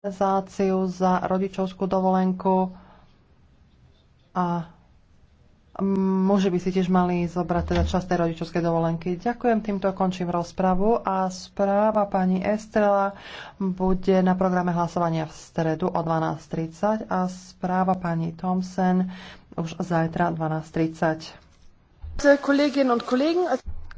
kompenzáciu za rodičovskú dovolenku a muži by si tiež mali zobrať teda časť tej rodičovskej dovolenky. Ďakujem, týmto končím rozpravu a správa pani Estrela bude na programe hlasovania v stredu o 12.30 a správa pani Thompson už zajtra 12.30. und Kollegen,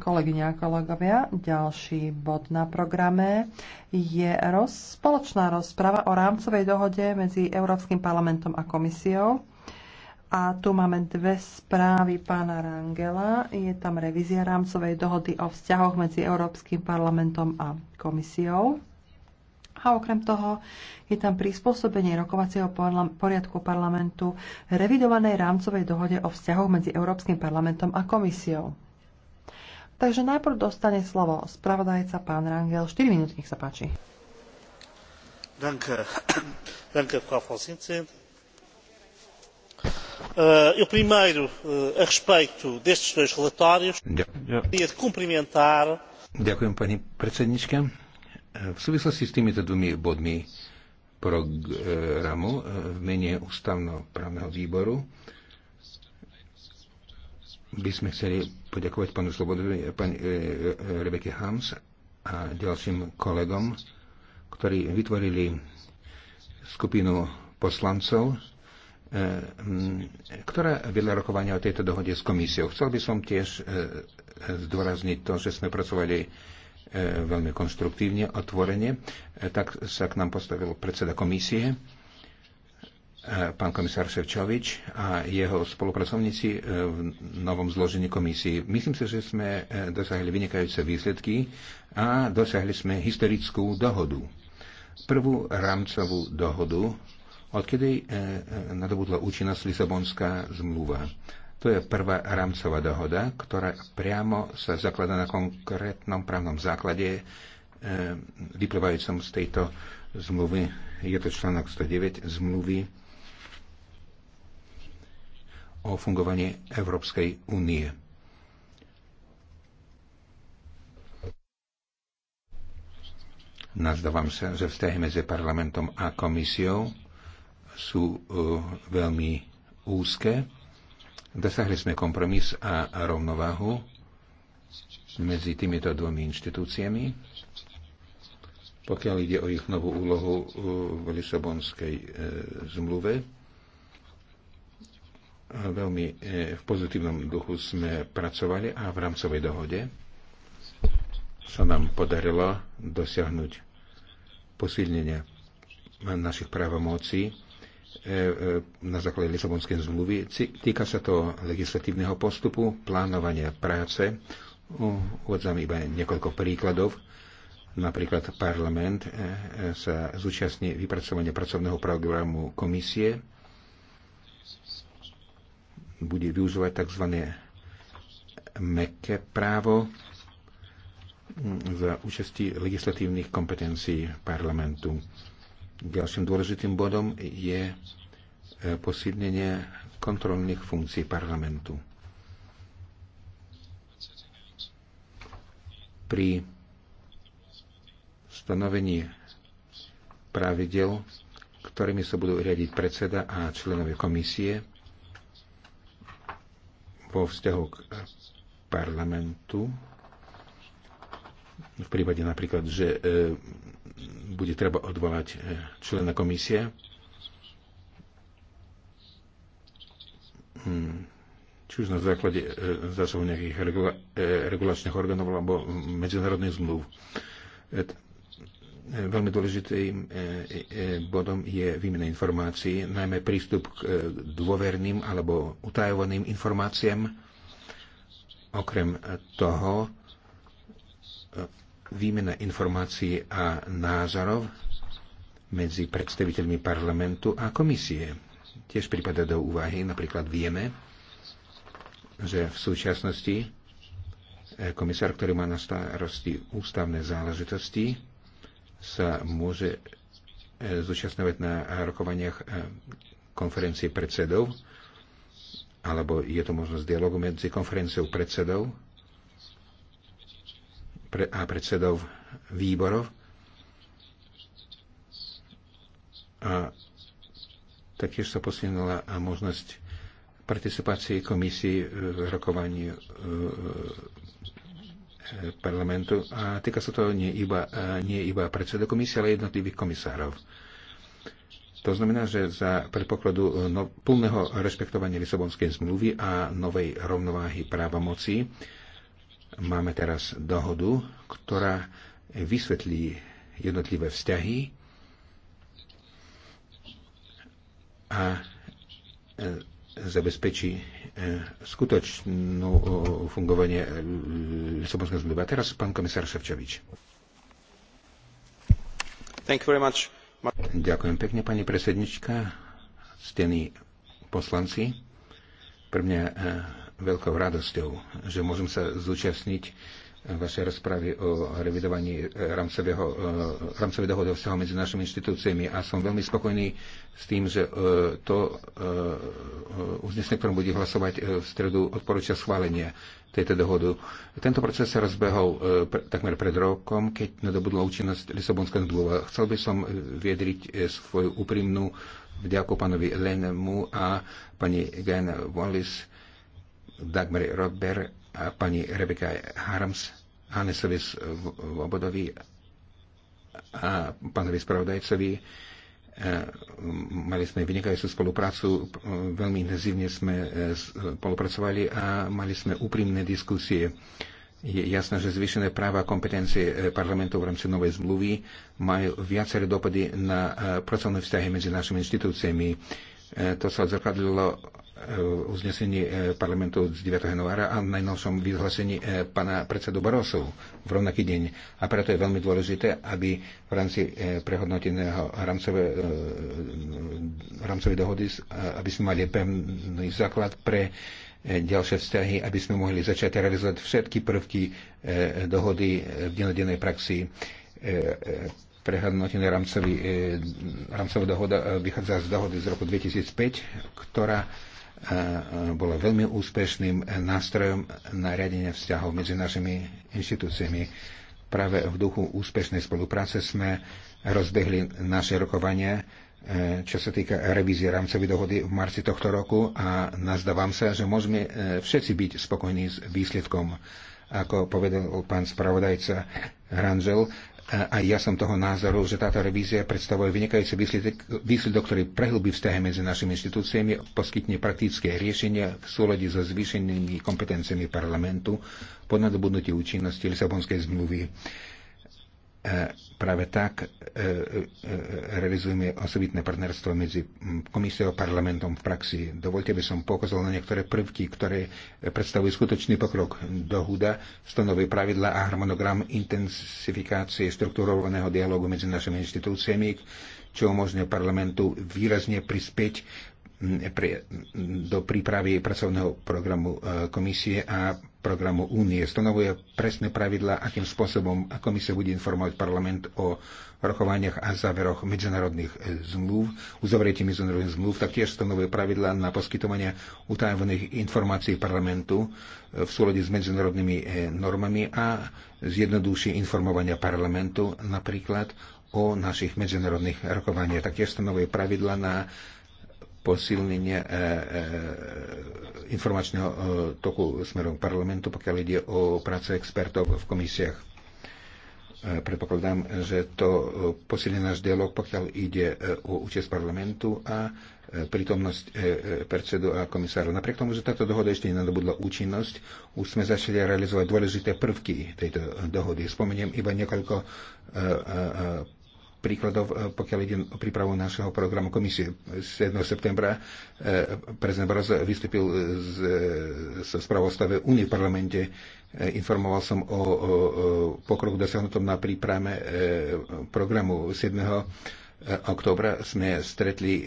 Kolegyňa a kolegovia, ďalší bod na programe je roz, spoločná rozprava o rámcovej dohode medzi Európskym parlamentom a komisiou. A tu máme dve správy pána Rangela. Je tam revízia rámcovej dohody o vzťahoch medzi Európskym parlamentom a komisiou. A okrem toho je tam prispôsobenie rokovacieho poriadku parlamentu revidovanej rámcovej dohode o vzťahoch medzi Európskym parlamentom a komisiou. Takže najprv dostane slovo spravodajca pán Rangel. 4 minúty, nech sa páči. Frau Vorsitzende. Uh, eu primeiro, uh, a respeito destes dois relatórios, queria de cumprimentar. Ďakujem, pani predsednička. Eh, v súvislosti s týmito dvomi bodmi programu v mene ústavno-právneho výboru by sme chceli poďakovať panu Slobodovi, pani e, e, Rebeke Hams a ďalším kolegom, ktorí vytvorili skupinu poslancov, e, ktorá vedla rokovania o tejto dohode s komisiou. Chcel by som tiež zdôrazniť to, že sme pracovali veľmi konstruktívne, otvorene. Tak sa k nám postavil predseda komisie. Eh, pán komisár Ševčovič a jeho spolupracovníci eh, v novom zložení komisii. Myslím si, že sme eh, dosiahli vynikajúce výsledky a dosiahli sme historickú dohodu. Prvú rámcovú dohodu, odkedy nadobudla účinnosť Lisabonská zmluva. To je prvá rámcová dohoda, ktorá priamo sa zaklada na konkrétnom právnom základe vyplývajúcom z tejto zmluvy. Je to článok 109 zmluvy o fungovanie Európskej únie. Nazdávam sa, že vzťahy medzi parlamentom a komisiou sú e, veľmi úzke. Dosahli sme kompromis a rovnováhu medzi týmito dvomi inštitúciami. Pokiaľ ide o ich novú úlohu e, v Lisabonskej e, zmluve, Veľmi e, v pozitívnom duchu sme pracovali a v rámcovej dohode sa nám podarilo dosiahnuť posilnenia našich právomocí e, e, na základe Lisabonskej zmluvy. Týka sa to legislatívneho postupu, plánovania práce. Uvádzam iba niekoľko príkladov. Napríklad parlament sa zúčastní vypracovania pracovného programu komisie bude využívať tzv. meké právo za účasti legislatívnych kompetencií parlamentu. Ďalším dôležitým bodom je e, posilnenie kontrolných funkcií parlamentu. Pri stanovení pravidel, ktorými sa budú riadiť predseda a členovia komisie, vo vzťahu k parlamentu, v prípade napríklad, že e, bude treba odvolať e, člena komisie, hmm. či už na základe e, zásahu nejakých regula, e, regulačných orgánov alebo medzinárodných zmluv. E, veľmi dôležitým e, e, e, bodom je výmena informácií, najmä prístup k dôverným alebo utajovaným informáciám. Okrem toho, výmena informácií a názorov medzi predstaviteľmi parlamentu a komisie. Tiež prípada do úvahy, napríklad vieme, že v súčasnosti komisár, ktorý má na starosti ústavné záležitosti, sa môže e, zúčastňovať na rokovaniach e, konferencie predsedov, alebo je to možnosť dialogu medzi konferenciou predsedov a predsedov výborov. A taktiež sa posunula možnosť participácie komisii v rokovaní e, parlamentu a týka sa to nie iba, nie iba predseda komisie, ale jednotlivých komisárov. To znamená, že za predpokladu e, no, plného rešpektovania Lisabonskej zmluvy a novej rovnováhy práva moci máme teraz dohodu, ktorá vysvetlí jednotlivé vzťahy a e, zabezpečí e, skutočnú fungovanie e, Lisabonskej zmluvy. A teraz pán komisár Ševčovič. Ďakujem pekne, pani predsednička, stení poslanci. Pre mňa e, veľkou radosťou, že môžem sa zúčastniť vašej rozpravy o revidovaní eh, eh, rámcovej dohody o vzťahu medzi našimi inštitúciami a som veľmi spokojný s tým, že eh, to uznesenie, ktorom bude hlasovať v stredu, odporúča schválenie tejto dohodu. Tento proces sa rozbehol takmer pred rokom, keď nadobudla účinnosť Lisabonská zmluva. Chcel by som viedriť svoju úprimnú vďaku pánovi Lenemu a pani Gajana Wallis, Dagmar Robert a pani Rebeka Harms, Hannesovi Vobodovi a pánovi spravodajcovi. E, mali sme vynikajúcu spoluprácu, veľmi intenzívne sme e, spolupracovali a mali sme úprimné diskusie. Je jasné, že zvýšené práva a kompetencie e, parlamentu v rámci novej zmluvy majú viaceré dopady na pracovné vzťahy medzi našimi inštitúciami. To sa odzrkadlilo E, uznesení e, parlamentu z 9. januára a najnovšom vyhlásení e, pána predsedu Barosov v rovnaký deň. A preto je veľmi dôležité, aby v rámci prehodnoteného rámcové, dohody, aby sme mali pevný základ pre ďalšie vzťahy, aby sme mohli začať realizovať všetky prvky dohody v denodennej praxi prehodnotený rámcový, rámcová dohoda vychádza z dohody z roku 2005, ktorá bola veľmi úspešným nástrojom riadenie vzťahov medzi našimi inštitúciami. Práve v duchu úspešnej spolupráce sme rozbehli naše rokovania, e, čo sa týka revízie rámcovej dohody v marci tohto roku a nazdávam sa, že môžeme e, všetci byť spokojní s výsledkom. Ako povedal pán spravodajca Rangel. A ja som toho názoru, že táto revízia predstavuje vynikajúci výsledok, výsledok ktorý prehlbí vzťahy medzi našimi inštitúciami, poskytne praktické riešenia v súlade so zvýšenými kompetenciami parlamentu po nadobudnutí účinnosti Lisabonskej zmluvy. E, práve tak e, e, realizujeme osobitné partnerstvo medzi komisiou a parlamentom v praxi. Dovolte by som pokazal na niektoré prvky, ktoré predstavujú skutočný pokrok. do huda, stanovujú pravidla a harmonogram intensifikácie štruktúrovaného dialogu medzi našimi inštitúciami, čo umožňuje parlamentu výrazne prispieť do prípravy pracovného programu komisie a programu únie. Stanovuje presné pravidla, akým spôsobom a komisia bude informovať parlament o rokovaniach a záveroch medzinárodných zmluv, uzavretí medzinárodných zmluv, taktiež stanovuje pravidla na poskytovanie utajovaných informácií parlamentu eh, v súlade s medzinárodnými eh, normami a zjednoduší informovania parlamentu napríklad o našich medzinárodných rokovaniach. Taktiež stanovuje pravidla na posilnenia e, e, informačného e, toku smerom k parlamentu, pokiaľ ide o prácu expertov v komisiách. E, Predpokladám, že to e, posilne náš dialog, pokiaľ ide e, o účasť parlamentu a e, prítomnosť e, e, predsedu a komisáru. Napriek tomu, že táto dohoda ešte nenadobudla účinnosť, už sme začali realizovať dôležité prvky tejto dohody. Spomeniem iba niekoľko e, e, e príkladov, e, pokiaľ ide o prípravu našeho programu komisie. 7. septembra e, prezident Barroso vystúpil so e, správou stave Unie v parlamente. Informoval som o, o, o pokroku dosiahnutom na príprave programu 7 oktobra sme stretli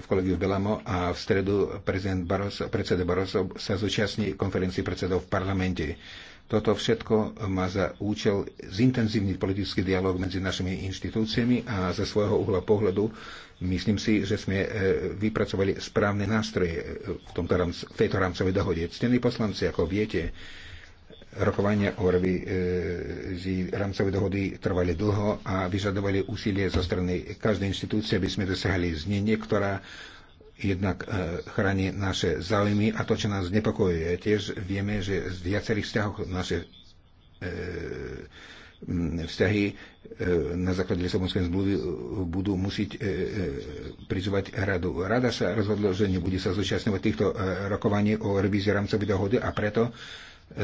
v kolegiu Belamo a v stredu prezident Barroso, predseda Barroso sa zúčastní konferencii predsedov v parlamente toto všetko má za účel zintenzívniť politický dialog medzi našimi inštitúciami a ze svojho uhla pohľadu myslím si, že sme e, vypracovali správne nástroje e, v, tomto, v tejto rámcovej dohode. Ctení poslanci, ako viete, rokovania o revizii e, rámcovej dohody trvali dlho a vyžadovali úsilie zo strany každej inštitúcie, aby sme dosiahli znenie, ktorá jednak e, chráni naše záujmy a to, čo nás znepokojuje. Tiež vieme, že z viacerých vzťahov naše e, vzťahy e, na základe Lisabonskej zmluvy budú musieť prizvať radu. Rada sa rozhodla, že nebude sa zúčastňovať týchto rokovaní o revízii rámcovej dohody a preto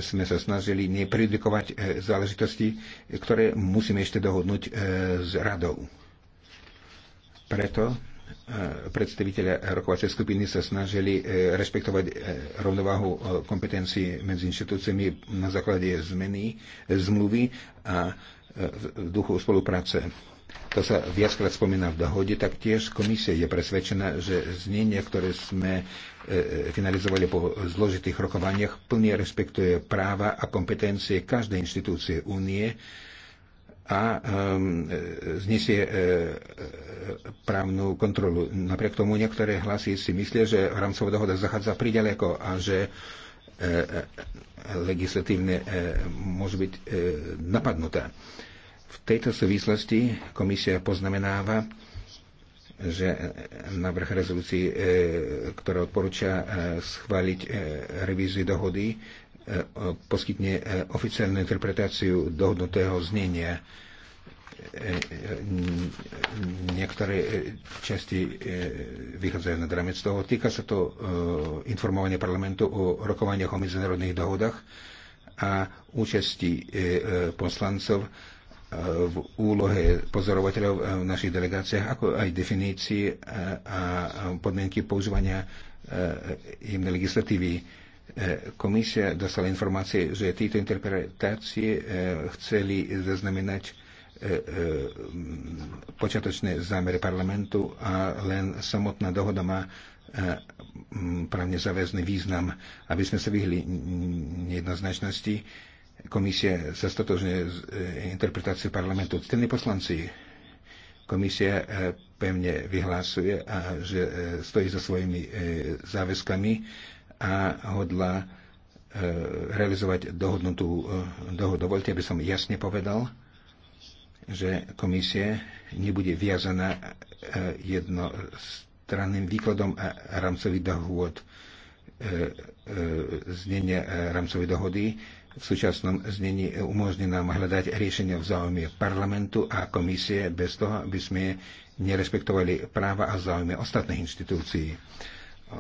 sme sa snažili nepredikovať záležitosti, ktoré musíme ešte dohodnúť s radou. Preto Eh, predstaviteľe rokovacej skupiny sa snažili eh, rešpektovať eh, rovnováhu kompetencií medzi inštitúciami na základe zmeny zmluvy a v duchu spolupráce. To sa viackrát spomína v dohode, taktiež komisia je presvedčená, že znenie, ktoré sme finalizovali po zložitých rokovaniach, plne rešpektuje práva a kompetencie každej inštitúcie únie, a ehm, e, znesie e, e, právnu kontrolu. Napriek tomu niektoré hlasy si myslia, že rámcová dohoda zachádza priďaleko a že legislatívne môže byť napadnutá. V tejto súvislosti komisia poznamenáva, že návrh rezolúcií, ktoré odporúča schváliť revíziu dohody, E, poskytne e, oficiálnu interpretáciu dohodnutého znenia. E, niektoré časti vychádzajú na dramec toho. Týka sa to informovania parlamentu o rokovaniach o medzinárodných dohodách a účasti poslancov v úlohe pozorovateľov v našich delegáciách, ako aj definície a podmienky používania jemnej legislatívy E, komisia dostala informácie, že tieto interpretácie e, chceli zaznamenať e, počiatočné zámery parlamentu a len samotná dohoda má právne záväzný význam. Aby sme sa vyhli nejednoznačnosti, komisia sa statožne s interpretáciou parlamentu. Ctení poslanci, komisia pevne vyhlásuje, a že stojí za svojimi záväzkami a hodla e, realizovať dohodnutú e, dohodu. Dovolte, aby som jasne povedal, že komisie nebude viazaná e, jednostranným výkladom a rámcových dohôd znenia rámcovej dohody v súčasnom znení umožní nám hľadať riešenia v záujme parlamentu a komisie bez toho, aby sme nerespektovali práva a záujmy ostatných inštitúcií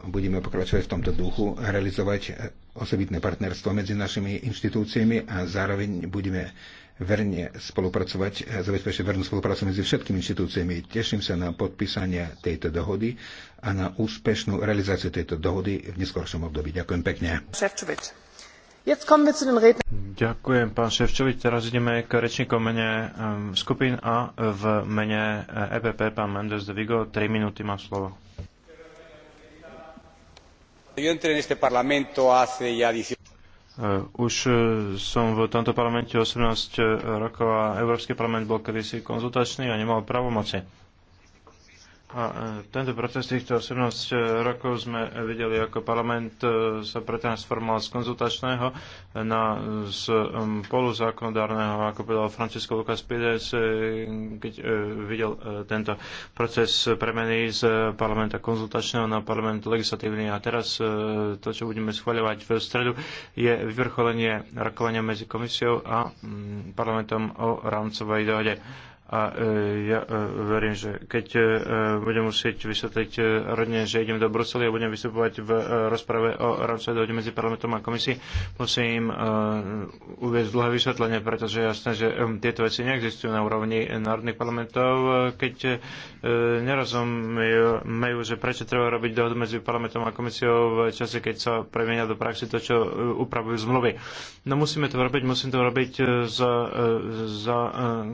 budeme pokračovať v tomto duchu, realizovať osobitné partnerstvo medzi našimi inštitúciami a zároveň budeme verne spolupracovať, zabezpečiť vernú spoluprácu medzi všetkými inštitúciami. Teším sa na podpísanie tejto dohody a na úspešnú realizáciu tejto dohody v neskoršom období. Ďakujem pekne. Ďakujem, pán Ševčovič. Teraz ideme k rečníkom mene ehm, skupín a v mene EPP ehm, e pán Mendes de Vigo. 3 minúty má slovo. Eh, už eh, som v tomto parlamente 18 eh, rokov a Európsky parlament bol kedysi konzultačný a nemal pravomoci. A e, tento proces týchto 18 e, rokov sme videli, ako parlament e, sa pretransformoval z konzultačného na z poluzákonodárneho, ako povedal Francisco Lucas Pides, keď videl tento proces premeny z parlamenta konzultačného na parlament legislatívny. A teraz to, čo budeme schváľovať v stredu, je vyvrcholenie rokovania medzi komisiou a parlamentom o rámcovej dohode a e, ja e, verím, že keď e, budem musieť vysvetliť rodne, že idem do Bruseli a budem vystupovať v rozprave o rámcovej dohode medzi parlamentom a komisí, musím uvieť dlhé vysvetlenie, pretože jasné, že tieto veci neexistujú na úrovni národných parlamentov, keď nerozumejú, že prečo treba robiť dohodu medzi parlamentom a komisiou v čase, keď sa premenia do praxi to, čo upravujú zmluvy. No musíme to robiť, musím to robiť za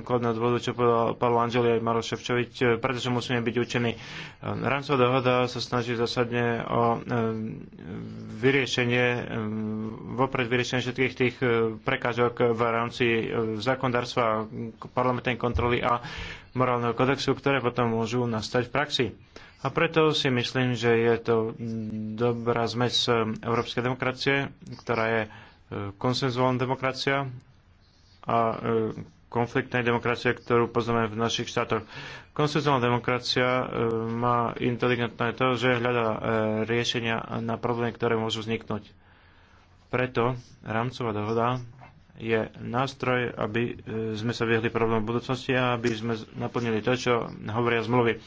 základného dôvodu, čo povedal Pavel Angeli aj Maroš Ševčovič, e, pretože musíme byť učení. E, Rámcová dohoda sa snaží zásadne o e, vyriešenie, vopred vyriešenie všetkých tých prekážok v rámci zákonodárstva, parlamentnej kontroly a morálneho kodexu, ktoré potom môžu nastať v praxi. A preto si myslím, že je to dobrá zmes európskej demokracie, ktorá je konsenzuálna demokracia a konfliktnej demokracie, ktorú poznáme v našich štátoch. Konsenzuálna demokracia e, má inteligentné to, že hľadá e, riešenia na problémy, ktoré môžu vzniknúť. Preto rámcová dohoda je nástroj, aby e, sme sa vyhli problém v budúcnosti a aby sme naplnili to, čo hovoria zmluvy.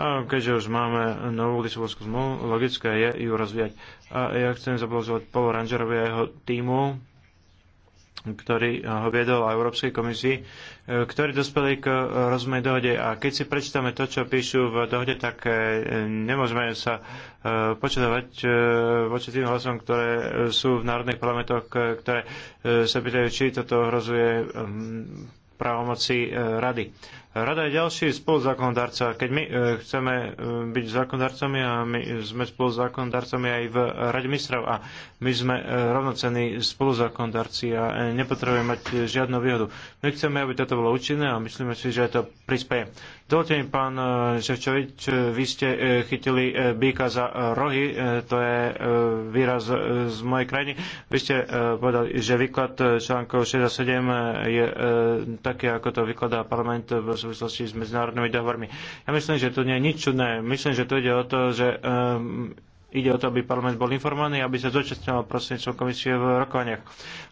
A keďže už máme novú Lisabonskú zmluvu, logické je ju rozvíjať. A ja chcem zablažovať Paul Rangerovi a jeho týmu, ktorý eh, ho viedol aj Európskej komisii, eh, ktorí dospeli k eh, rozumej dohode. A keď si prečítame to, čo píšu v dohode, tak nemôžeme sa počadovať voči tým hlasom, ktoré sú v národných parlamentoch, ktoré sa pýtajú, či toto ohrozuje ehm, právomoci rady. Rada je ďalší spoluzákonodárca. Keď my e, chceme e, byť zákonodarcami a my sme spoluzákonodarcami aj v Rade ministrov a my sme e, rovnocení spoluzákonodarci a nepotrebujeme mať žiadnu výhodu. My chceme, aby toto bolo účinné a myslíme si, že to prispieje. Dovolte mi, pán Ševčovič, vy ste chytili býka za rohy, to je výraz z mojej krajiny. Vy ste povedali, že výklad článkov 67 a 7 je taký, ako to vykladá parlament v súvislosti s medzinárodnými dohovormi. Ja myslím, že tu nie je nič čudné. Myslím, že tu ide o to, že um, ide o to, aby parlament bol informovaný, aby sa zúčastňoval prostredníctvom komisie v rokovaniach.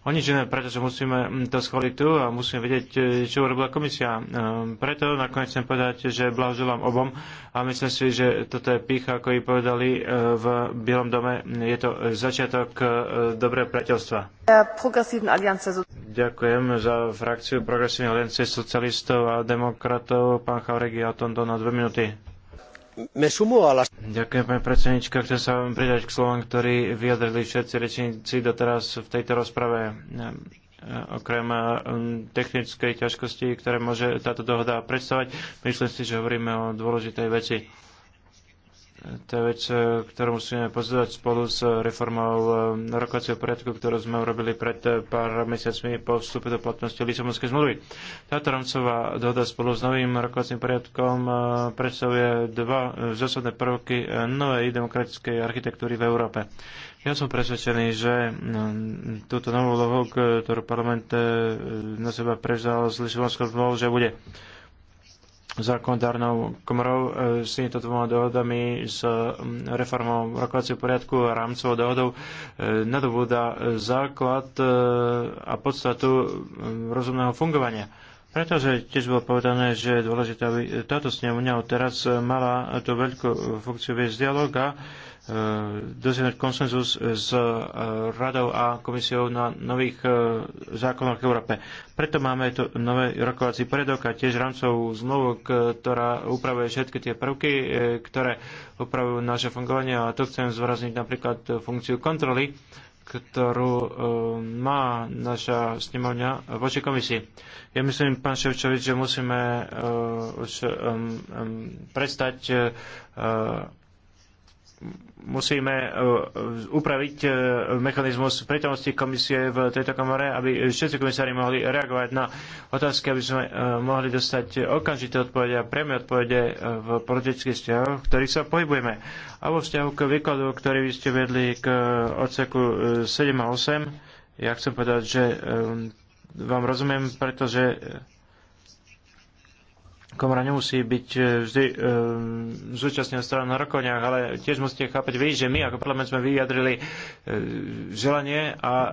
O nič iné, pretože musíme mm, to schváliť tu a musíme vedieť, e, čo urobila komisia. E, preto nakoniec chcem povedať, že blahoželám obom a myslím si, že toto je pícha, ako ich povedali e, v Bielom dome. Je to začiatok dobrého priateľstva. Ďakujem za frakciu Progresívnej aliancie socialistov a demokratov. Pán Chauregi, a Tondo na dve minúty. Ďakujem, pani predsednička. Chcem sa vám pridať k slovám, ktorí vyjadrili všetci rečníci doteraz v tejto rozprave. Okrem eh, um, technickej ťažkosti, ktoré môže táto dohoda predstavať, myslím si, že hovoríme o dôležitej veci to je vec, eh, ktorú musíme pozdať spolu s reformou eh, rokovacieho poriadku, ktorú sme urobili pred eh, pár mesiacmi po vstupe do platnosti Lisabonskej zmluvy. Táto rámcová dohoda spolu s novým rokovacím poriadkom predstavuje dva zásadné prvky novej demokratickej architektúry v Európe. Ja som presvedčený, že mm, túto novú úlohu, ktorú parlament na seba prežal s Lisabonskou zmluvou, že bude zákonodárnou komorou e, s týmito dvoma dohodami s reformou rokovacieho poriadku a rámcovou dohodou e, nadobúda e, základ a podstatu rozumného fungovania. Pretože tiež bolo povedané, že je dôležité, aby táto od teraz mala tú veľkú funkciu viesť dialog a Eh, dosiahnuť konsenzus s eh, radou a komisiou na nových eh, zákonoch v Európe. Preto máme tu nové rokovací predok a tiež rámcovú zmluvu, ktorá upravuje všetky tie prvky, ktoré upravujú naše fungovanie a tu chcem zvrazniť napríklad funkciu kontroly, ktorú má naša snemovňa voči komisii. Ja myslím, pán Ševčovič, že musíme už prestať musíme e, e, upraviť e, mechanizmus prítomnosti komisie v tejto komore, aby všetci komisári mohli reagovať na otázky, aby sme mohli dostať okamžité odpovede a priame odpovede v politických vzťahoch, v ktorých sa pohybujeme. A vo vzťahu k výkladu, ktorý vy ste vedli k odseku 7 a 8, ja chcem povedať, že vám rozumiem, pretože komora nemusí byť e, vždy e, zúčastnená strana na rokoniach, ale tiež musíte chápať vy, že my ako parlament sme vyjadrili e, želanie a e,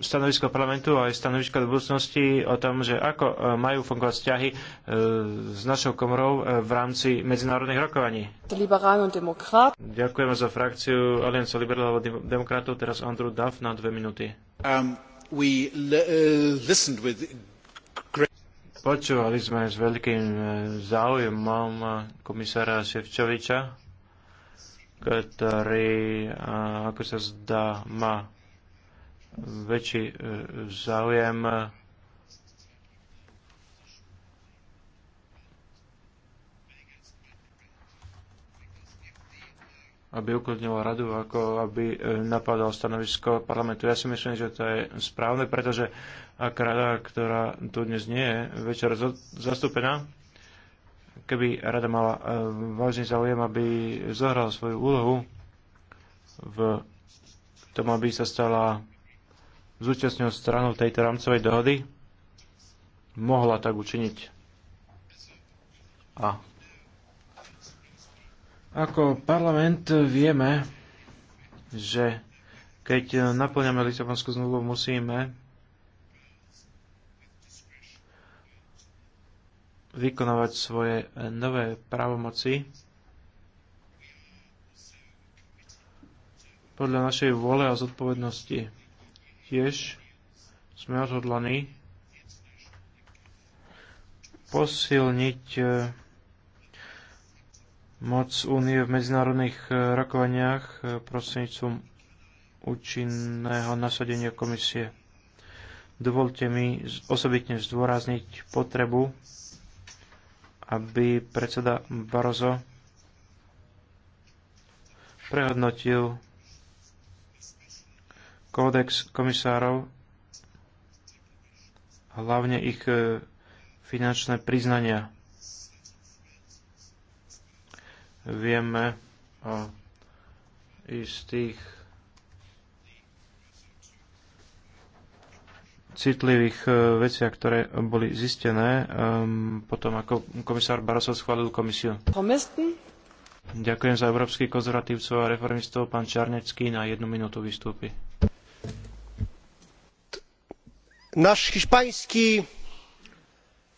stanovisko parlamentu a aj stanovisko do budúcnosti o tom, že ako e, majú fungovať vzťahy e, s našou komorou v rámci medzinárodných rokovaní. Ďakujem za frakciu Alianca liberálov a demokratov. Teraz Andrew Duff na dve minúty. Um, we uh, listened with Počúvali sme s veľkým e, záujmom komisára Ševčoviča, ktorý, ako sa zdá, má väčší e, záujem aby uklidňoval radu, ako aby e, napadal stanovisko parlamentu. Ja si myslím, že to je správne, pretože ak rada, ktorá tu dnes nie je večer zastúpená, keby rada mala e, vážny záujem, aby zahrala svoju úlohu v tom, aby sa stala zúčastňou stranou tejto rámcovej dohody, mohla tak učiniť. A ako parlament vieme, že keď naplňame Lisabonskú zmluvu, musíme vykonávať svoje nové právomoci podľa našej vôle a zodpovednosti. Tiež sme odhodlaní posilniť eh, moc únie v medzinárodných e, rokovaniach e, prostredníctvom účinného nasadenia komisie. Dovolte mi osobitne zdôrazniť potrebu, aby predseda Barozo prehodnotil kódex komisárov, hlavne ich e, finančné priznania vieme o istých citlivých e, veciach, ktoré boli zistené um, potom, ako komisár Barosov schválil komisiu. Komisten? Ďakujem za európsky konzervatívcov a reformistov. Pán Čarnecký na jednu minútu vystúpi. Náš hiszpański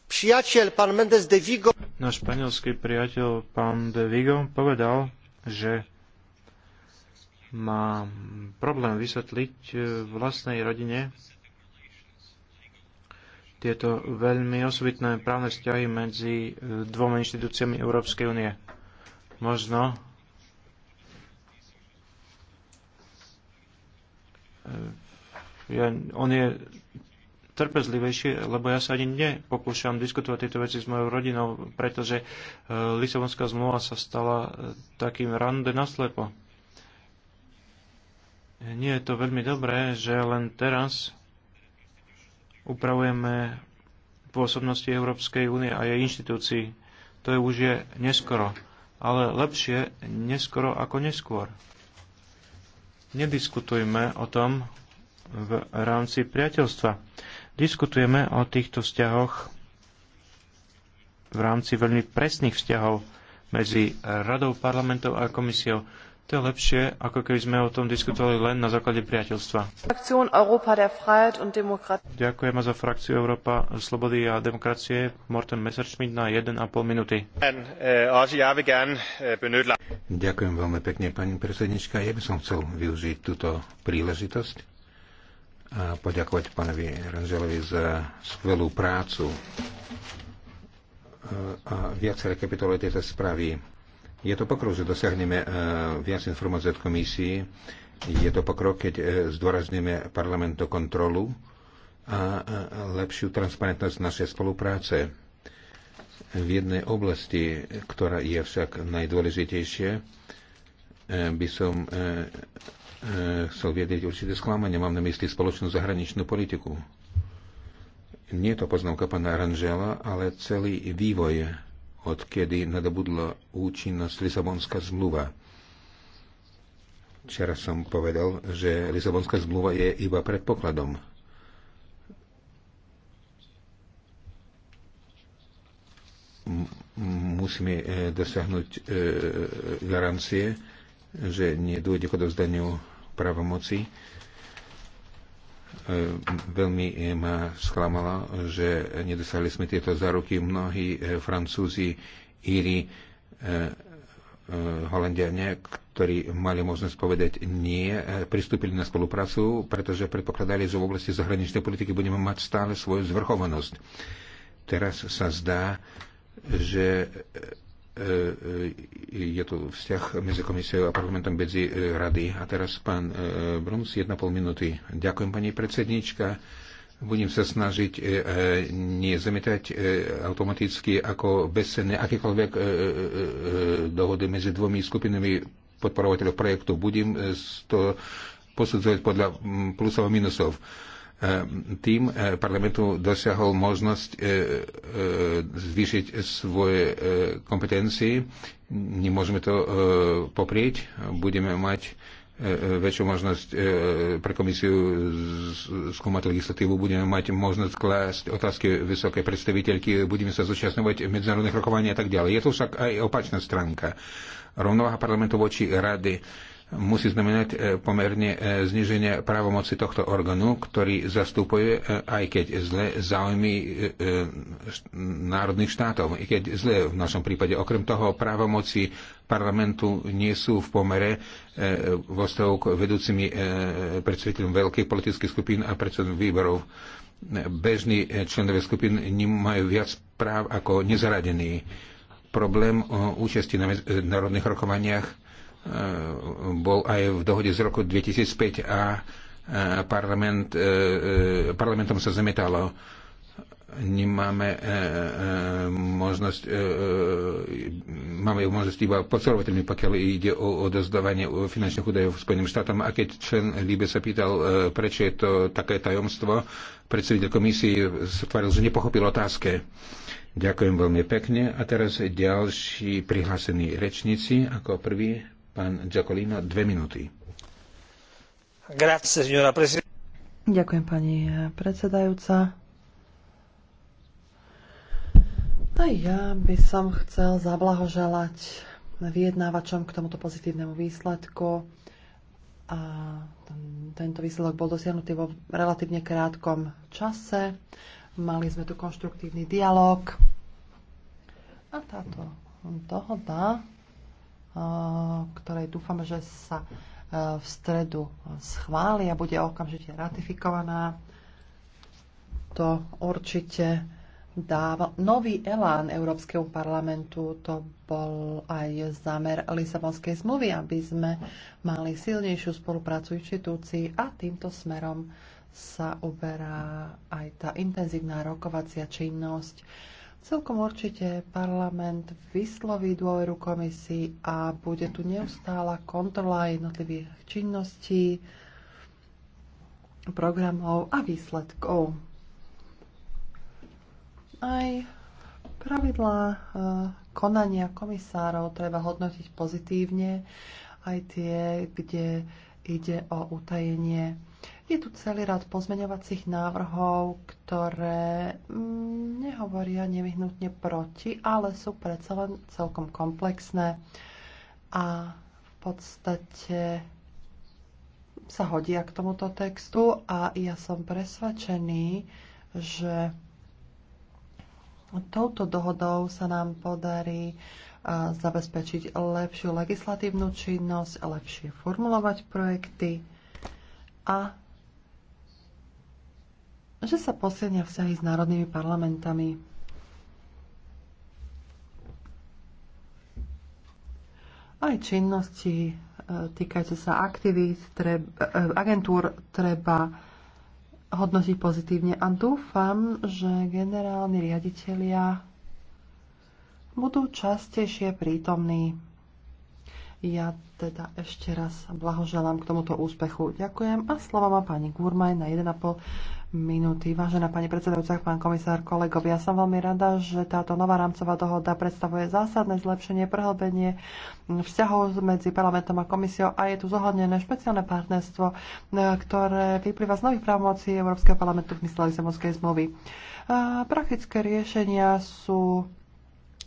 priateľ, pán Mendes de Vigo, Náš španielský priateľ pán De Vigo povedal, že má problém vysvetliť e, vlastnej rodine tieto veľmi osobitné právne vzťahy medzi e, dvoma inštitúciami Európskej únie. Možno e, ja, on je trpezlivejší, lebo ja sa ani nepokúšam diskutovať tieto veci s mojou rodinou, pretože e, Lisabonská zmluva sa stala e, takým rande naslepo. Nie je to veľmi dobré, že len teraz upravujeme pôsobnosti Európskej únie a jej inštitúcií. To je už je neskoro, ale lepšie neskoro ako neskôr. Nediskutujme o tom v rámci priateľstva diskutujeme o týchto vzťahoch v rámci veľmi presných vzťahov medzi Radou parlamentov a komisiou. To je lepšie, ako keby sme o tom diskutovali len na základe priateľstva. Ďakujem za frakciu Európa slobody a demokracie. Morten Messerschmidt na 1,5 minúty. Eh, eh, Ďakujem veľmi pekne, pani predsednička. Ja by som chcel využiť túto príležitosť a poďakovať pánovi Ranželovi za skvelú prácu e, a viaceré kapitoly tejto správy. Je to pokrok, že dosiahneme e, viac informácií od komisii, je to pokrok, keď e, zdôrazníme parlamentu kontrolu a lepšiu transparentnosť našej spolupráce. V jednej oblasti, ktorá je však najdôležitejšia, by som E, chcel viedieť určité sklamanie. Mám na mysli spoločnú zahraničnú politiku. Nie je to poznámka pána Aranžela, ale celý vývoj, odkedy nadobudla účinnosť Lisabonská zmluva. Včera som povedal, že Lisabonská zmluva je iba predpokladom musíme e, dosiahnuť e, garancie, že nedôjde k odovzdaniu pravomoci. E, veľmi ma sklamalo, že nedosahli sme tieto záruky. Mnohí e, Francúzi, Íri, e, Holandiania, ktorí mali možnosť povedať nie, pristúpili na spoluprácu, pretože predpokladali, že v oblasti zahraničnej politiky budeme mať stále svoju zvrchovanosť. Teraz sa zdá, že E, e, je to vzťah medzi komisiou a parlamentom medzi e, rady. A teraz pán Bruns, 1,5 minúty. Ďakujem, pani predsednička. Budem sa snažiť nezamietať automaticky ako bezcenné akékoľvek dohody medzi dvomi skupinami podporovateľov projektu. Budem to posudzovať podľa plusov a minusov. Ehm, tým e, parlamentu dosiahol možnosť e, e, zvýšiť svoje kompetencie. Nemôžeme to poprieť. Budeme mať väčšiu možnosť pre komisiu skúmať legislatívu, budeme mať možnosť klásť otázky vysoké predstaviteľky, budeme sa zúčastňovať medzinárodných rokovaní a tak ďalej. Je to však aj opačná stránka. Rovnováha parlamentu voči rady musí znamenať e, pomerne e, zniženie právomoci tohto orgánu, ktorý zastupuje, e, aj keď zle, záujmy národných štátov, i keď zle v našom prípade. Okrem toho právomoci parlamentu nie sú v pomere vo stavu k vedúcimi predstaviteľom veľkých politických skupín a predsedom výborov. Bežní členovia skupín nemajú viac práv ako nezaradení. Problém účasti na národných rokovaniach bol aj v dohode z roku 2005 a parlament, e, e, parlamentom sa zametalo. Nemáme e, možnosť, máme možnosť iba podporovať, pokiaľ ide o odozdávanie finančných údajov Spojeným štátom. A keď člen Líbe sa pýtal, prečo je to také tajomstvo, predsediteľ komisie sa tvaril, že nepochopil otázke. Ďakujem veľmi pekne. A teraz ďalší prihlásení rečníci. Ako prvý Pán Giacolino, dve minúty. Grazie, signora Ďakujem, pani predsedajúca. A no ja by som chcel zablahoželať vyjednávačom k tomuto pozitívnemu výsledku. A tento výsledok bol dosiahnutý vo relatívne krátkom čase. Mali sme tu konštruktívny dialog a táto dohoda Eh, ktorej dúfame, že sa eh, v stredu schváli a bude okamžite ratifikovaná. To určite dáva nový elán Európskeho parlamentu. To bol aj zámer Lisabonskej zmluvy, aby sme mali silnejšiu spoluprácu inštitúcií a týmto smerom sa uberá aj tá intenzívna rokovacia činnosť Celkom určite parlament vysloví dôveru komisii a bude tu neustála kontrola jednotlivých činností, programov a výsledkov. Aj pravidlá eh, konania komisárov treba hodnotiť pozitívne, aj tie, kde ide o utajenie je tu celý rad pozmeňovacích návrhov, ktoré mm, nehovoria nevyhnutne proti, ale sú predsa len celkom komplexné a v podstate sa hodia k tomuto textu a ja som presvedčený, že touto dohodou sa nám podarí e, zabezpečiť lepšiu legislatívnu činnosť, lepšie formulovať projekty a že sa posilnia vzťahy s národnými parlamentami. Aj činnosti e, týkajúce sa aktivít, treb, e, agentúr treba hodnotiť pozitívne a dúfam, že generálni riaditeľia budú častejšie prítomní. Ja teda ešte raz blahoželám k tomuto úspechu. Ďakujem a slovo má pani Gurmaj na 1,5 minúty. Vážená pani predsedajúca, pán komisár, kolegovia, ja som veľmi rada, že táto nová rámcová dohoda predstavuje zásadné zlepšenie, prehlbenie vzťahov medzi parlamentom a komisiou a je tu zohľadnené špeciálne partnerstvo, ktoré vyplýva z nových právomocí Európskeho parlamentu v mysle Lisabonskej zmluvy. Praktické riešenia sú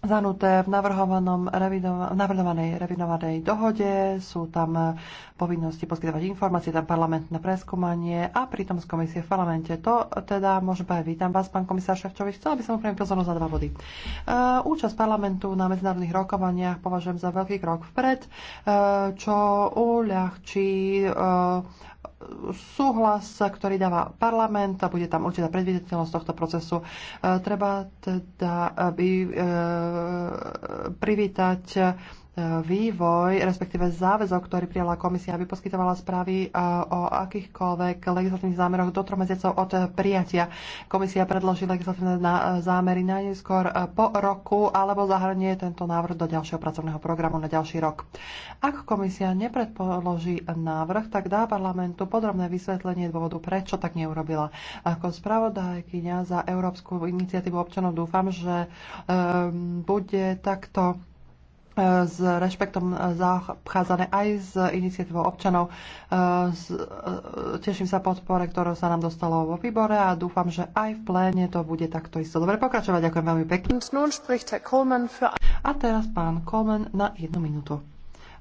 zanuté v navrhovanom, v navrhovanej revinovanej dohode. Sú tam eh, povinnosti poskytovať informácie, tam parlamentné preskúmanie a pritom z komisie v parlamente. To teda môžem aj vítam vás, pán komisár Ševčovič. Chcela by som upriamiť pozornosť za dva body. Eh, účasť parlamentu na medzinárodných rokovaniach považujem za veľký krok vpred, eh, čo uľahčí súhlas, ktorý dáva parlament a bude tam určitá predvidateľnosť tohto procesu. Treba teda, aby privítať vývoj, respektíve záväzok, ktorý prijala komisia, aby poskytovala správy e, o akýchkoľvek legislatívnych zámeroch do troch mesiacov od prijatia. Komisia predloží legislatívne zámery najskôr e, po roku alebo zahrnie tento návrh do ďalšieho pracovného programu na ďalší rok. Ak komisia nepredpoloží návrh, tak dá parlamentu podrobné vysvetlenie dôvodu, prečo tak neurobila. Ako spravodajkyňa za Európsku iniciatívu občanov dúfam, že um, bude takto s rešpektom zachádzane aj s iniciatívou občanov. E, teším sa podpore, ktorú sa nám dostalo vo výbore a dúfam, že aj v pléne to bude takto isto. Dobre pokračovať, ďakujem veľmi pekne. A teraz pán Coleman na jednu minútu.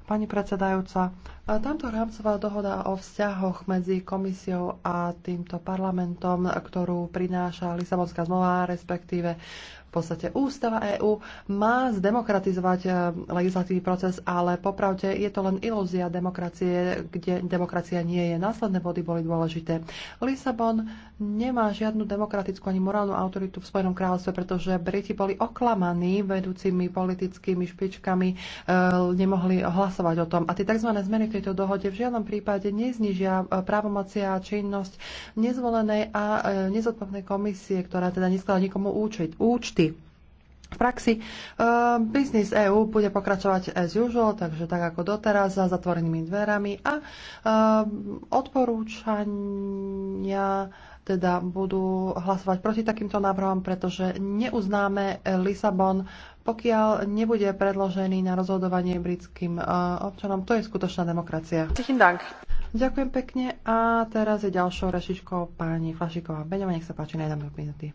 Pani predsedajúca, e, táto rámcová dohoda o vzťahoch medzi komisiou a týmto parlamentom, ktorú prináša Lisabonská zmluva, respektíve podstate ústava EÚ má zdemokratizovať e, legislatívny proces, ale popravde je to len ilúzia demokracie, kde demokracia nie je. Následné body boli dôležité. Lisabon nemá žiadnu demokratickú ani morálnu autoritu v Spojenom kráľovstve, pretože Briti boli oklamaní vedúcimi politickými špičkami, e, nemohli hlasovať o tom. A tie tzv. zmeny k tejto dohode v žiadnom prípade neznižia e, právomocia a činnosť nezvolenej a e, nezodpovednej komisie, ktorá teda neskladá nikomu účet, účty v praxi e, biznis EU bude pokračovať as usual, takže tak ako doteraz za zatvorenými dverami a e, odporúčania teda budú hlasovať proti takýmto návrhom, pretože neuznáme Lisabon, pokiaľ nebude predložený na rozhodovanie britským e, občanom. To je skutočná demokracia. Ďakujem pekne a teraz je ďalšou rešičkou pani Flašiková. Beňova, nech sa páči, na 1 minúty.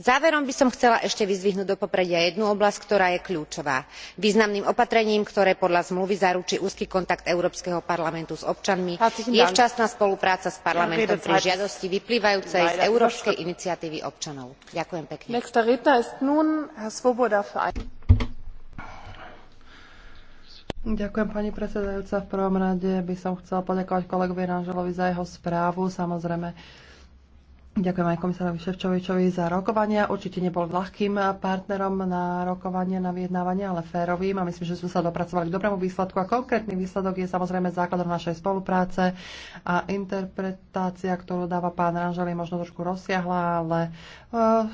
záverom by som chcela ešte vyzdvihnúť do popredia jednu oblasť ktorá je kľúčová významným opatrením ktoré podľa zmluvy zaručí úzky kontakt európskeho parlamentu s občanmi je včasná spolupráca s parlamentom pri žiadosti vyplývajúcej z európskej iniciatívy občanov. ďakujem pekne. Ďakujem pani predsedajúca. V prvom rade by som chcela poďakovať kolegovi Ranželovi za jeho správu. Samozrejme, Ďakujem aj komisárovi Ševčovičovi za rokovania. Určite nebol ľahkým partnerom na rokovanie, na vyjednávanie, ale férovým a myslím, že sme sa dopracovali k dobrému výsledku a konkrétny výsledok je samozrejme základom našej spolupráce a interpretácia, ktorú dáva pán Ranžel, je možno trošku rozsiahla, ale eh,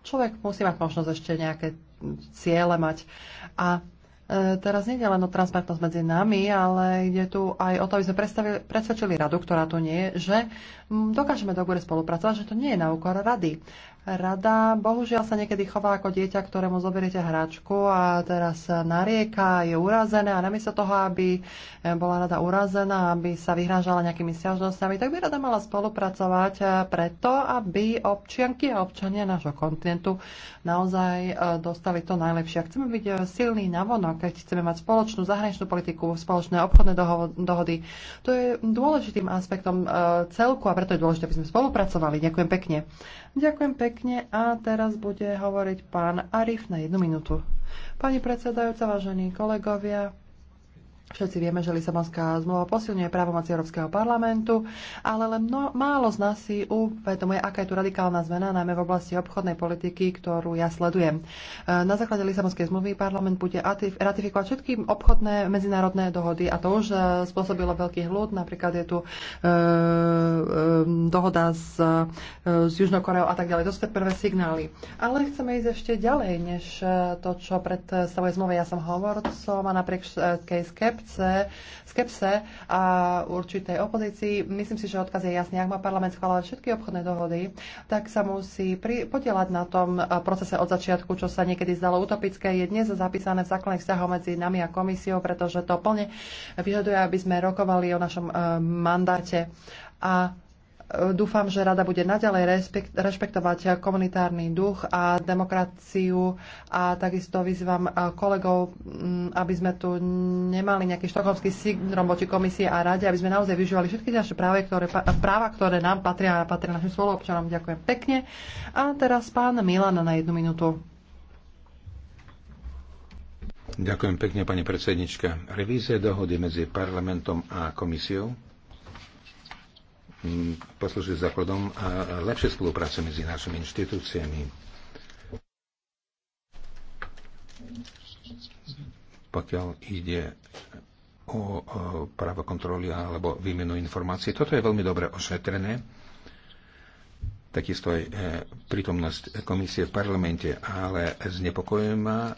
človek musí mať možnosť ešte nejaké ciele mať. A E, teraz nie je len o transparentnosť medzi nami, ale ide tu aj o to, aby sme presvedčili radu, ktorá tu nie je, že mm, dokážeme dobre spolupracovať, že to nie je na úkor rady. Rada bohužiaľ sa niekedy chová ako dieťa, ktorému zoberiete hračku a teraz narieka, je urazené a namiesto toho, aby eh, bola rada urazená, aby sa vyhrážala nejakými stiažnosťami, tak by rada mala spolupracovať eh, preto, aby občianky a občania nášho kontinentu naozaj eh, dostali to najlepšie. Ak chceme byť silní navonok, keď chceme mať spoločnú zahraničnú politiku, spoločné obchodné dohody, to je dôležitým aspektom celku a preto je dôležité, aby sme spolupracovali. Ďakujem pekne. Ďakujem pekne a teraz bude hovoriť pán Arif na jednu minútu. Pani predsedajúca, vážení kolegovia, Všetci vieme, že Lisabonská zmluva posilňuje právomoci Európskeho parlamentu, ale len no, málo z nás si uvedomuje, aká je tu radikálna zmena, najmä v oblasti obchodnej politiky, ktorú ja sledujem. E, na základe Lisabonskej zmluvy parlament bude ratifikovať všetky obchodné medzinárodné dohody a to už e, spôsobilo veľký hľud. Napríklad je tu e, e, dohoda s, e, s Južnou Koreou a tak ďalej. To sú prvé signály. Ale chceme ísť ešte ďalej, než e, to, čo predstavuje zmluva. Ja som hovorcom a napriek skepse skepce, skepse a určitej opozícii. Myslím si, že odkaz je jasný. Ak má parlament schváľovať všetky obchodné dohody, tak sa musí pri, podielať na tom procese od začiatku, čo sa niekedy zdalo utopické, je dnes zapísané v základných vzťahov medzi nami a komisiou, pretože to plne vyžaduje, aby sme rokovali o našom eh, mandáte. A Dúfam, že rada bude naďalej rešpektovať komunitárny duch a demokraciu a takisto vyzývam eh, kolegov, mm, aby sme tu nemali nejaký štokholmský syndrom voči komisie a rade, aby sme naozaj využívali všetky naše práve, ktoré, práva, ktoré nám patria a patria našim spoluobčanom. Ďakujem pekne. A teraz pán Milan na jednu minútu. Ďakujem pekne, pani predsednička. Revízia dohody medzi parlamentom a komisiou poslúžiť základom a lepšie spolupráce medzi našimi inštitúciami. Pokiaľ ide o, o právo kontroly alebo výmenu informácií, toto je veľmi dobre ošetrené. Takisto aj e, prítomnosť komisie v parlamente, ale znepokojuje ma e,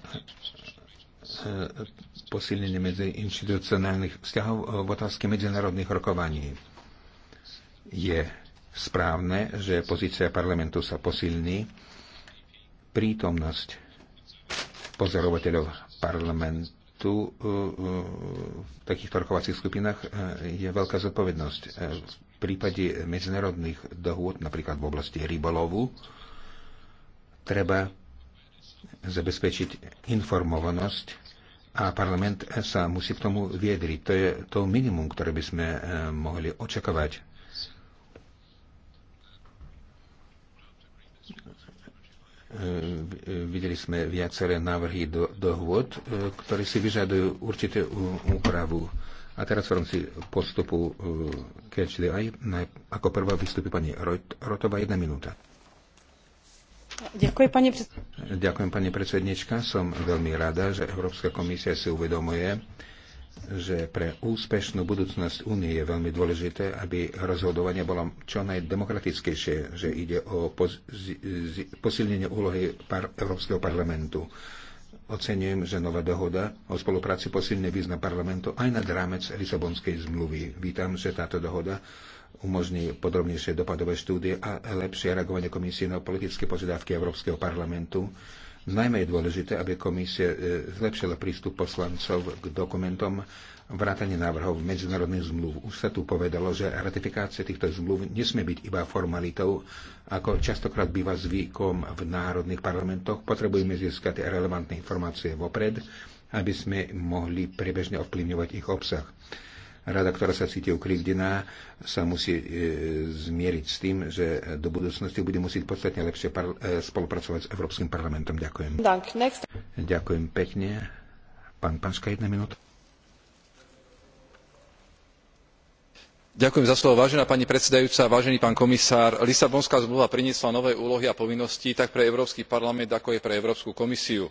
posilnenie medzi inštitucionálnych vzťahov v otázke medzinárodných rokovaní. Je správne, že pozícia parlamentu sa posilní. Prítomnosť pozorovateľov parlamentu e, e, v takých torkovacích skupinách e, je veľká zodpovednosť. V prípade medzinárodných dohôd, napríklad v oblasti rybolovu, treba zabezpečiť informovanosť a parlament sa musí k tomu viedriť. To je to minimum, ktoré by sme mohli očakávať E, e, videli sme viaceré návrhy do, dohôd, e, ktoré si vyžadujú určitú úpravu. A teraz v rámci postupu Catch the ako prvá vystúpi pani Rotová, jedna minúta. Ďakujem pani, Ďakujem, pani predsednička. Som veľmi rada, že Európska komisia si uvedomuje, že pre úspešnú budúcnosť únie je veľmi dôležité, aby rozhodovanie bolo čo najdemokratickejšie, že ide o posilnenie úlohy par- Európskeho parlamentu. Oceňujem, že nová dohoda o spolupráci posilne význam parlamentu aj nad rámec Lisabonskej zmluvy. Vítam, že táto dohoda umožní podrobnejšie dopadové štúdie a lepšie reagovanie komisie na politické požiadavky Európskeho parlamentu Najmä je dôležité, aby komisia e, zlepšila prístup poslancov k dokumentom vrátane návrhov medzinárodných zmluv. Už sa tu povedalo, že ratifikácia týchto zmluv nesmie byť iba formalitou, ako častokrát býva zvykom v národných parlamentoch. Potrebujeme získať relevantné informácie vopred, aby sme mohli priebežne ovplyvňovať ich obsah. Rada, ktorá sa cíti ukrivdená, sa musí e, zmieriť s tým, že do budúcnosti bude musieť podstatne lepšie par- e, spolupracovať s Európskym parlamentom. Ďakujem. Dank, next. Ďakujem pekne. Pán Panška, jedna minúta. Ďakujem za slovo. Vážená pani predsedajúca, vážený pán komisár, Lisabonská zmluva priniesla nové úlohy a povinnosti tak pre Európsky parlament, ako aj pre Európsku komisiu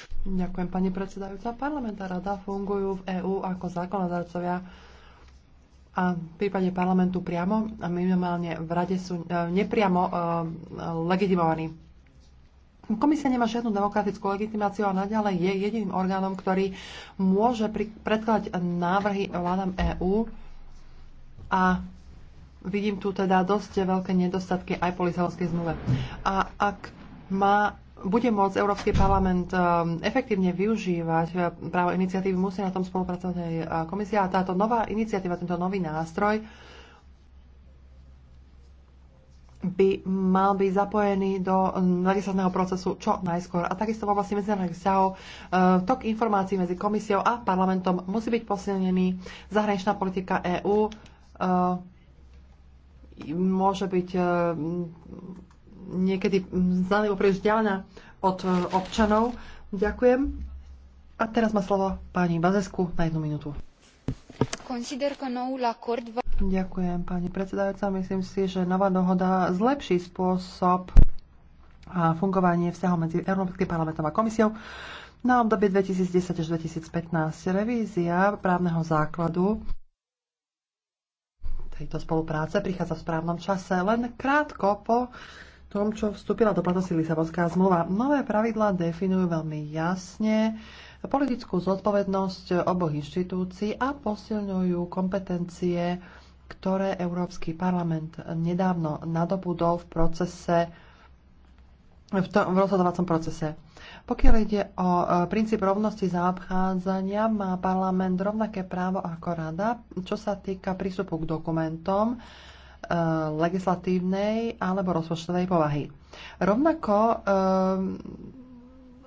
Ďakujem, pani predsedajúca. Parlamentá rada fungujú v EÚ ako zákonodarcovia a v prípade parlamentu priamo a minimálne v rade sú e, nepriamo e, legitimovaní. Komisia nemá žiadnu demokratickú legitimáciu a naďalej je jediným orgánom, ktorý môže predkladať návrhy vládam EÚ a vidím tu teda dosť veľké nedostatky aj po Lisabonskej zmluve. A ak má bude môcť Európsky parlament um, efektívne využívať uh, právo iniciatívy, musí na tom spolupracovať aj uh, komisia. A táto nová iniciatíva, tento nový nástroj by mal byť zapojený do legislatívneho procesu čo najskôr. A takisto v oblasti medzinárodných vzťahov uh, tok informácií medzi komisiou a parlamentom musí byť posilnený. Zahraničná politika EÚ môže byť niekedy zdanlivo oprieš vzdialená od e, občanov. Ďakujem. A teraz má slovo pani Bazesku na jednu minútu. Ďakujem, pani predsedajúca. Myslím si, že nová dohoda zlepší spôsob a fungovanie vzťahov medzi Európskym parlamentom a komisiou na obdobie 2010 až 2015. Revízia právneho základu tejto spolupráce prichádza v správnom čase len krátko po tom, čo vstúpila do platnosti Lisabonská zmluva. Nové pravidlá definujú veľmi jasne politickú zodpovednosť oboch inštitúcií a posilňujú kompetencie, ktoré Európsky parlament nedávno nadobudol v procese v, to, v rozhodovacom procese. Pokiaľ ide o e, princíp rovnosti zaobchádzania, má parlament rovnaké právo ako rada, čo sa týka prístupu k dokumentom, E, legislatívnej alebo rozpočtovej povahy. Rovnako e,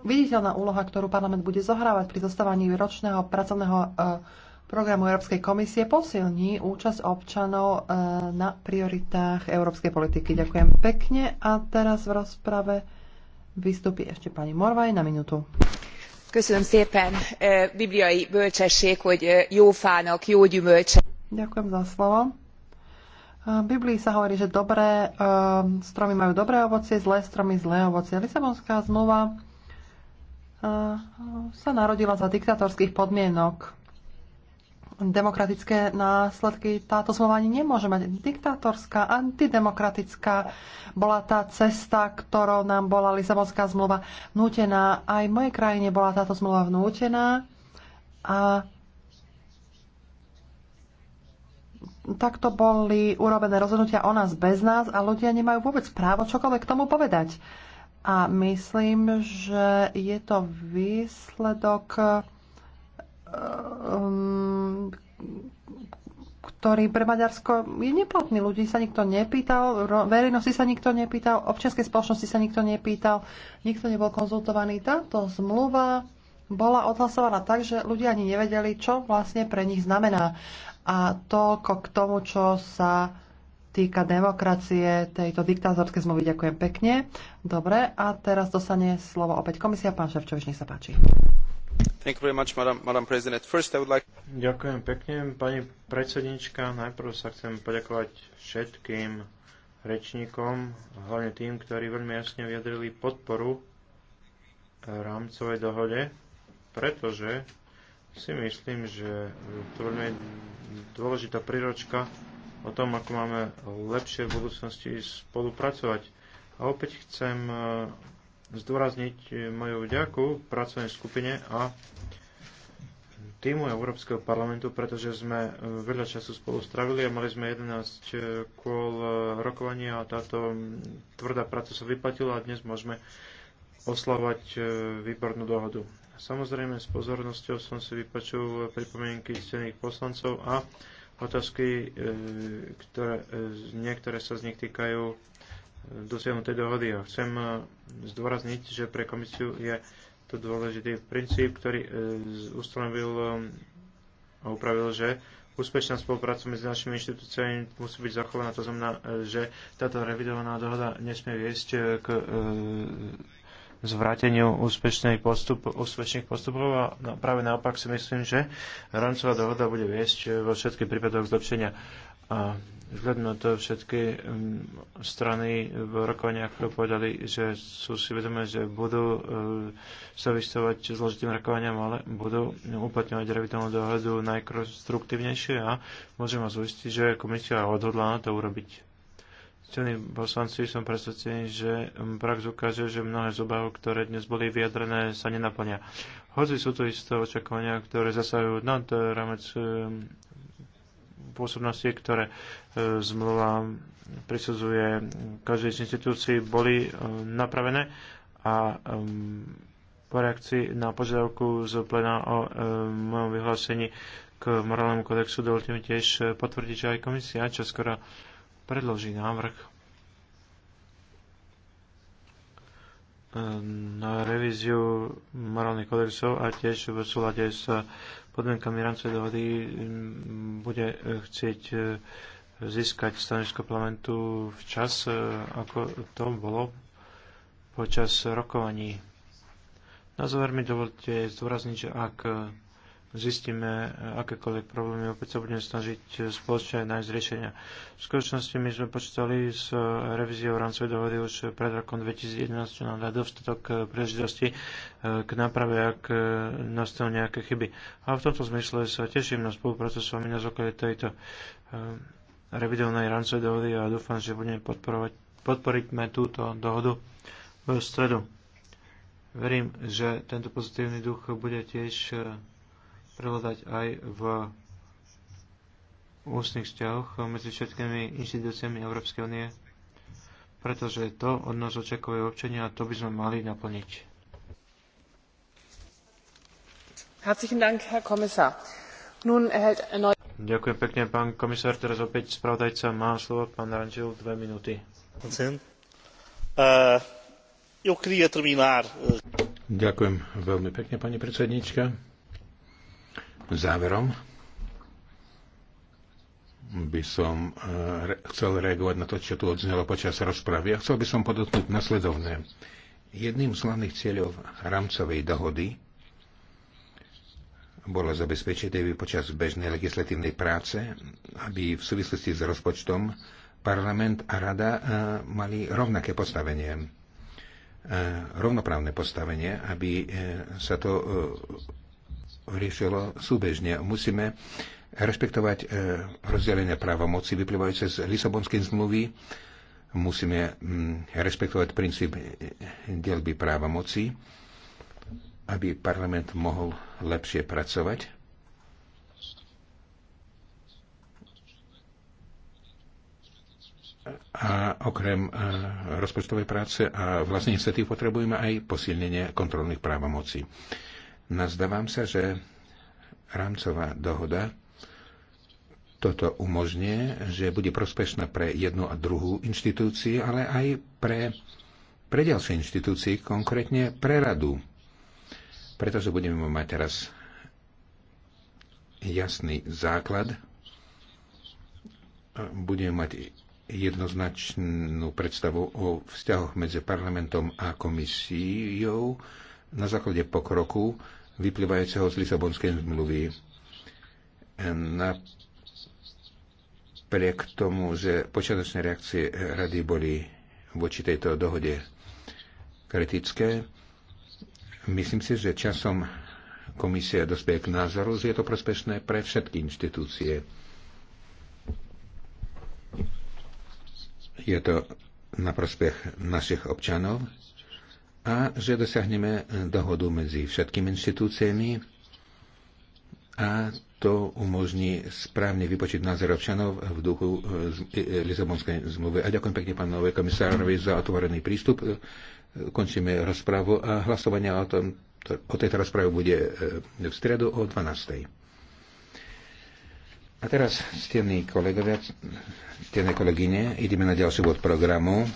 viditeľná úloha, ktorú parlament bude zohrávať pri zostávaní ročného pracovného e, programu Európskej komisie posilní účasť občanov na prioritách európskej politiky. Ďakujem pekne a teraz v rozprave vystúpi ešte pani Morvaj na minútu. Köszönöm szépen, bibliai bölcsesség, hogy jó fának, jó gyümölcse. Ďakujem za slovo v Biblii sa hovorí, že dobré ehm, stromy majú dobré ovocie, zlé stromy zlé ovocie. Lisabonská zmluva ehm, sa narodila za diktatorských podmienok. Demokratické následky táto zmluva ani nemôže mať. Diktatorská, antidemokratická bola tá cesta, ktorou nám bola Lisabonská zmluva nútená. Aj v mojej krajine bola táto zmluva vnútená. A takto boli urobené rozhodnutia o nás bez nás a ľudia nemajú vôbec právo čokoľvek k tomu povedať. A myslím, že je to výsledok, eh, mm, ktorý pre Maďarsko je neplatný. Ľudí sa nikto nepýtal, verejnosti sa nikto nepýtal, občianskej spoločnosti sa nikto nepýtal, nikto nebol konzultovaný. Táto zmluva bola odhlasovaná tak, že ľudia ani nevedeli, čo vlastne pre nich znamená. A toľko k tomu, čo sa týka demokracie tejto diktátorskej zmluvy. Ďakujem pekne. Dobre, a teraz dostane slovo opäť komisia. Pán Ševčovič, nech sa páči. Much, madam, madam like... Ďakujem pekne, pani predsednička. Najprv sa chcem poďakovať všetkým rečníkom, hlavne tým, ktorí veľmi jasne vyjadrili podporu rámcovej dohode, pretože si myslím, že to veľmi dôležitá príročka o tom, ako máme lepšie v budúcnosti spolupracovať. A opäť chcem e, zdôrazniť e, moju vďaku pracovnej skupine a týmu Európskeho parlamentu, pretože sme e, veľa času spolu stravili a mali sme 11 kôl rokovania a táto tvrdá práca sa vyplatila a dnes môžeme oslavovať výbornú dohodu. Samozrejme, s pozornosťou som si vypočul pripomienky stených poslancov a otázky, e, ktoré, e, niektoré sa z nich týkajú e, dosiahnutej dohody. A chcem zdôrazniť, že pre komisiu je to dôležitý princíp, ktorý ustanovil a upravil, že úspešná spolupráca medzi našimi inštitúciami musí byť zachovaná. To znamená, že táto revidovaná dohoda nesmie viesť k zvráteniu úspešných, postup, úspešných postupov a no, práve naopak si myslím, že rámcová dohoda bude viesť eh, vo všetkých prípadoch zlepšenia. A vzhľadom na to všetky mm, strany v rokovaniach povedali, že sú si vedomé, že budú eh, sa vystavovať zložitým rokovaniam, ale budú uplatňovať revitálnu dohodu najkonstruktívnejšie a môžem vás uistiť, že komisia odhodlá to urobiť. Cení poslanci, som presvedčený, že prax ukáže, že mnohé z obav, ktoré dnes boli vyjadrené, sa nenaplnia. Hoci sú to isté očakovania, ktoré zasahujú nad rámec e, pôsobnosti, ktoré e, zmluva prisudzuje každej z inštitúcií, boli e, napravené a po reakcii na požiadavku z plena o mojom vyhlásení k morálnemu kodexu dovolte mi tiež potvrdiť, že aj komisia čoskoro skoro predloží návrh e, na revíziu morálnych kodexov a tiež v súlade s podmienkami rámcovej dohody bude chcieť e, získať stanovisko parlamentu včas, e, ako to bolo počas rokovaní. Na záver mi dovolte zdôrazniť, že ak zistíme e, akékoľvek problémy, opäť sa budeme snažiť e, spoločne nájsť riešenia. V skutočnosti my sme počítali s e, revíziou rámcovej dohody už pred rokom 2011, čo nám dá dostatok príležitosti k náprave, ak nastanú nejaké chyby. A v tomto zmysle sa teším na spoluprácu s vami na základe tejto revidovnej rámcovej dohody a dúfam, že budeme podporovať, túto dohodu v stredu. Verím, že tento pozitívny duch bude tiež prevládať aj v ústnych vzťahoch medzi všetkými inštitúciami Európskej únie, pretože to od nás očakujú občania a to by sme mali naplniť. Herzlichen Dank, Herr Kommissar. Nun erhält erneut... Ďakujem pekne, pán komisár. Teraz opäť spravodajca má slovo, pán Rangel, dve minúty. Ďakujem veľmi pekne, pani predsednička Záverom by som eh, chcel reagovať na to, čo tu odznelo počas rozpravy. A chcel by som podotknúť nasledovné. Jedným z hlavných cieľov rámcovej dohody bolo zabezpečiť, aby počas bežnej legislatívnej práce, aby v súvislosti s rozpočtom parlament a rada eh, mali rovnaké postavenie, eh, rovnoprávne postavenie, aby sa to riešilo súbežne. Musíme rešpektovať e, rozdelenie právomoci vyplývajúce z Lisabonskej zmluvy, musíme mm, rešpektovať princíp e, delby právomoci, aby parlament mohol lepšie pracovať. A okrem e, rozpočtovej práce a vlastnej iniciatív potrebujeme aj posilnenie kontrolných právomocí. Nazdávam sa, že rámcová dohoda toto umožňuje, že bude prospešná pre jednu a druhú inštitúciu, ale aj pre, pre ďalšie inštitúcie, konkrétne pre radu. Pretože budeme mať teraz jasný základ, budeme mať jednoznačnú predstavu o vzťahoch medzi parlamentom a komisiou, na základe pokroku vyplývajúceho z Lisabonskej zmluvy. Napriek tomu, že počiatočné reakcie rady boli voči tejto dohode kritické, myslím si, že časom komisia dospie k názoru, že je to prospešné pre všetky inštitúcie. Je to na prospech našich občanov, a že dosiahneme eh, dohodu medzi všetkými inštitúciami a to umožní správne vypočiť názor občanov v duchu eh, eh, Lisabonskej zmluvy. A ďakujem pekne pánovi komisárovi za otvorený prístup. Končíme rozprávu a hlasovanie o, tom, o tejto rozprave bude v stredu o 12. A teraz, ctení kolegovia, ctené kolegyne, ideme na ďalší bod programu.